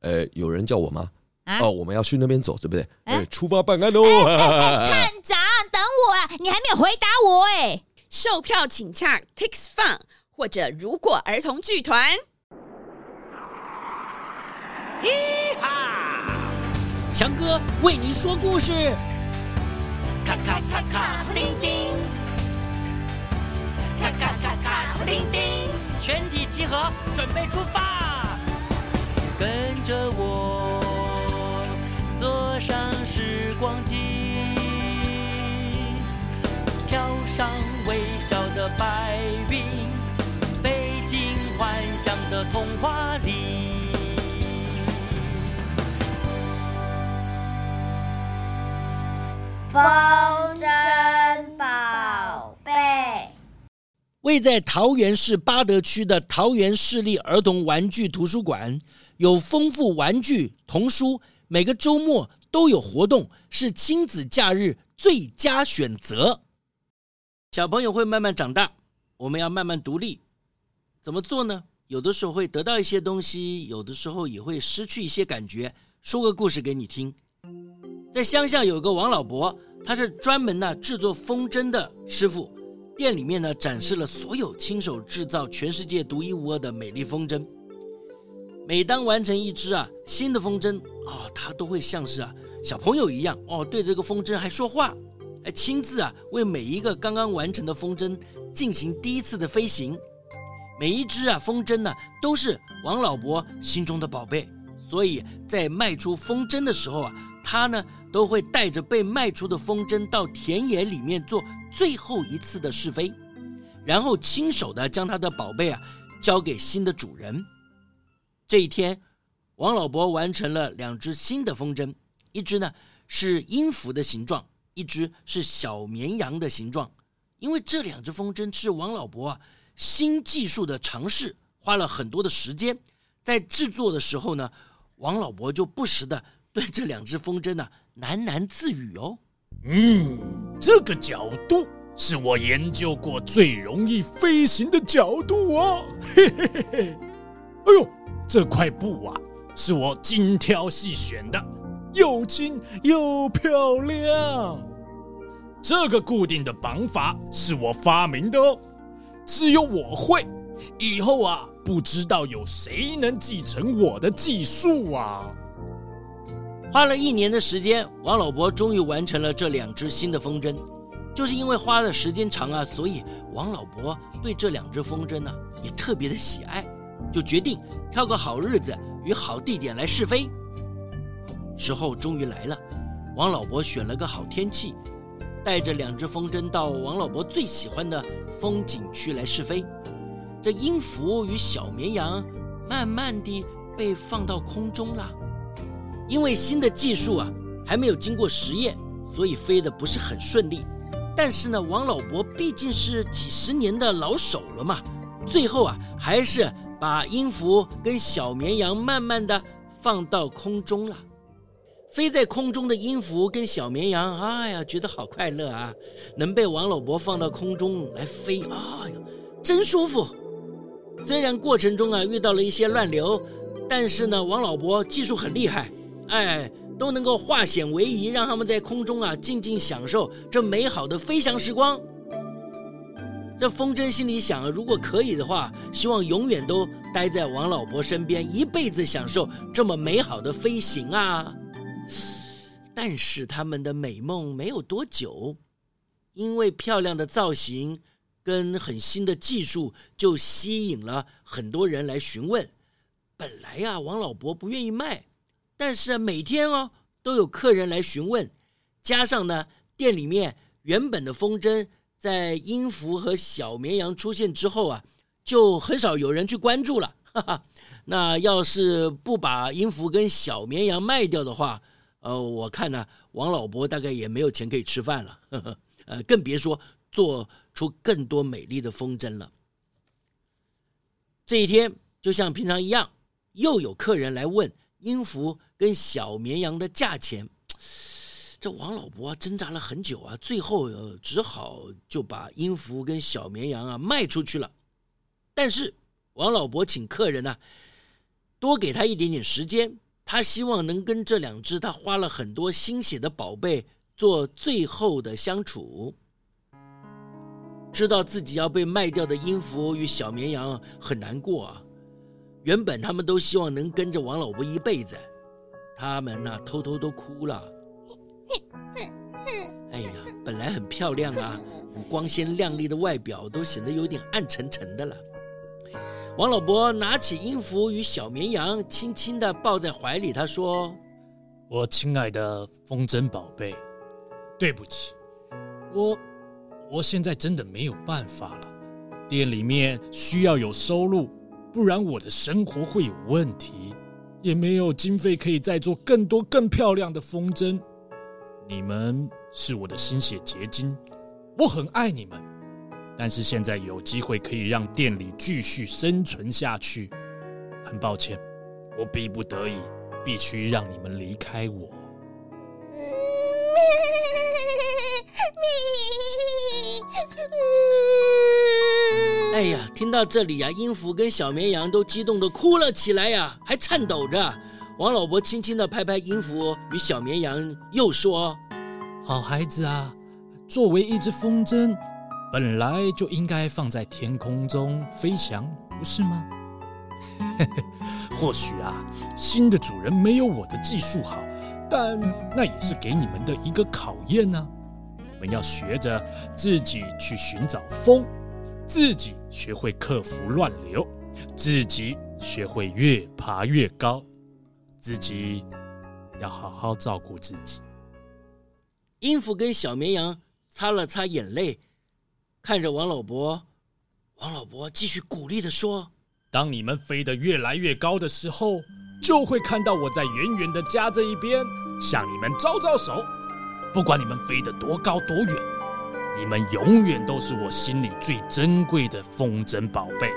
呃，有人叫我嗎？啊、哦，我們要去那邊走，對不對？哎、啊呃，出發辦案嘍、欸欸欸！探長，等我啊，你還沒有回答我哎。售票請洽 Tix Fun，或者如果兒童劇團。一哈，強哥為你說故事。咔咔咔咔，叮叮。咔咔咔咔，叮叮。全體集合，準備出發。跟着我坐上時光機，飄上微笑的白雲，飛進幻想的童話裡。風箏寶貝，位在桃園市八德區的桃園市立兒童玩具圖書館。有豐富玩具、童書，每個周末都有活動，是親子假日最佳選擇。小朋友會慢慢長大，我們要慢慢獨立。怎麼做呢？有的時候會得到一些東西，有的時候也會失去一些感覺。說個故事給你聽：在鄉下有個王老伯，他是專門呢製作風箏的師傅，店裡面呢展示了所有親手製造全世界獨一無二的美麗風箏。每當完成一隻啊新的風箏啊，哦，他都會像是啊小朋友一樣哦，對這個風箏還說話，還親自啊為每一個剛剛完成的風箏進行第一次的飛行。每一隻啊風箏呢，啊，都是王老伯心中的寶貝，所以在賣出風箏的時候啊，他呢都會帶着被賣出的風箏到田野裡面做最後一次的試飛，然後親手的將他的寶貝啊交給新的主人。這一天，王老伯完成了兩隻新的風箏，一隻呢是音符的形狀，一隻是小綿羊的形狀。因為這兩隻風箏是王老伯、啊、新技術的嘗試，花了很多的時間。在制作的時候呢，王老伯就不時地對這兩隻風箏呢喃喃自語：“哦，嗯，這個角度是我研究過最容易飛行的角度啊，嘿嘿嘿嘿，哎呦。”這塊布啊，是我精挑細選的，又輕又漂亮。這個固定的綁法是我發明的哦，只有我會。以後啊，不知道有誰能繼承我的技術啊。花了一年的時間，王老伯終於完成了這兩隻新的風箏。就是因為花的時間長啊，所以王老伯對這兩隻風箏呢、啊，也特別的喜愛。就決定挑個好日子與好地點來試飛。時候終於來了，王老伯選了個好天氣，帶着兩隻風箏到王老伯最喜歡的風景區來試飛。這音符與小綿羊慢慢地被放到空中了。因為新的技術啊還沒有經過實驗，所以飛得不是很順利。但是呢，王老伯畢竟是幾十年的老手了嘛，最後啊還是。把音符跟小綿羊慢慢地放到空中了，飛在空中的音符跟小綿羊，哎呀，覺得好快樂啊！能被王老伯放到空中來飛，哎呀，真舒服。雖然過程中啊遇到了一些亂流，但是呢，王老伯技術很厲害，哎，都能夠化險為夷，讓他們在空中啊靜靜享受這美好的飛翔時光。這風箏心裡想啊，如果可以的話，希望永遠都待在王老伯身邊，一輩子享受這麼美好的飛行啊！但是他們的美夢沒有多久，因為漂亮的造型跟很新的技術，就吸引了很多人來詢問。本來呀、啊，王老伯不願意賣，但是每天哦都有客人來詢問，加上呢店裡面原本的風箏。在音符和小綿羊出現之後啊，就很少有人去關注了。哈哈，那要是不把音符跟小綿羊賣掉的話，呃，我看呢、啊，王老伯大概也沒有錢可以吃飯了，呵呵，呃，更別說做出更多美麗的風箏了。這一天就像平常一樣，又有客人來問音符跟小綿羊的價錢。這王老伯掙扎了很久啊，最後只好就把音符跟小綿羊啊賣出去了。但是王老伯請客人呢，多給他一點點時間，他希望能跟這兩隻他花了很多心血的寶貝做最後的相處。知道自己要被賣掉的音符與小綿羊很難過啊，原本他們都希望能跟着王老伯一輩子，他們吶，偷偷都哭了。哎呀，本來很漂亮啊，光鮮亮麗的外表都顯得有點暗沉沉的了。王老伯拿起音符與小綿羊，輕輕地抱在懷裡。他說：“我親愛的風箏寶貝，對不起，我我現在真的沒有辦法了。店裡面需要有收入，不然我的生活會有問題，也沒有經費可以再做更多更漂亮的風箏。”你們是我的心血結晶，我很愛你們。但是現在有機會可以讓店裡繼續生存下去，很抱歉，我逼不得已，必須讓你們離開我。哎呀，聽到這裡呀、啊，音符跟小綿羊都激動的哭了起來呀、啊，還顫抖着。王老伯輕輕的拍拍音符，與小綿羊又說：“好孩子啊，作為一只風箏，本來就應該放在天空中飛翔，不是嗎？ 或許啊，新的主人沒有我的技術好，但那也是給你們的一個考驗呢、啊。你們要學着自己去尋找風，自己學會克服亂流，自己學會越爬越高。”自己要好好照顧自己。音符跟小綿羊擦了擦眼淚，看着王老伯。王老伯繼續鼓勵地說：“當你們飛得越來越高的時候，就會看到我在遠遠的家這一邊向你們招招手。不管你們飛得多高多遠，你們永遠都是我心裡最珍貴的風箏寶貝。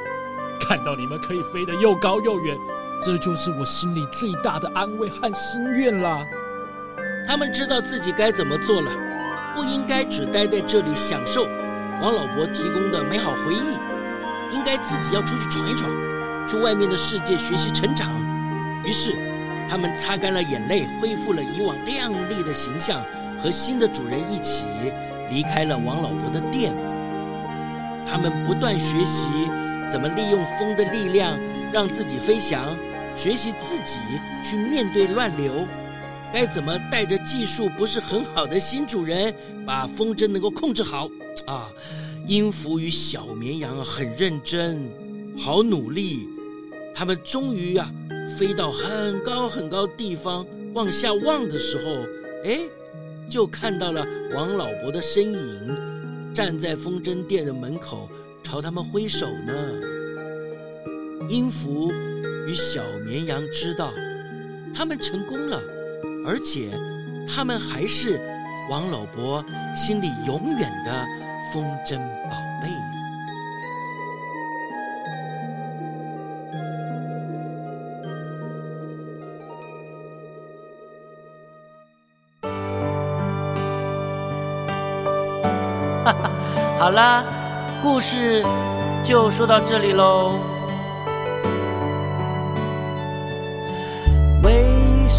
看到你們可以飛得又高又遠。”這就是我心裡最大的安慰和心願啦。他們知道自己該怎麼做了，不應該只待在這裡享受王老伯提供的美好回憶，應該自己要出去闖一闖，去外面的世界學習成長。於是，他們擦乾了眼淚，恢復了以往亮麗的形象，和新的主人一起離開了王老伯的店。他們不斷學習怎麼利用風的力量讓自己飛翔。學習自己去面對亂流，該怎麼帶着技術不是很好的新主人把風箏能夠控制好啊。音符與小綿羊很認真，好努力，他們終於啊飛到很高很高地方，往下望的時候，哎，就看到了王老伯的身影，站在風箏店的門口朝他們揮手呢。音符，與小綿羊知道，他們成功了，而且他們還是王老伯心裡永遠的風箏寶貝。哈哈，好啦，故事就說到這裡嘍。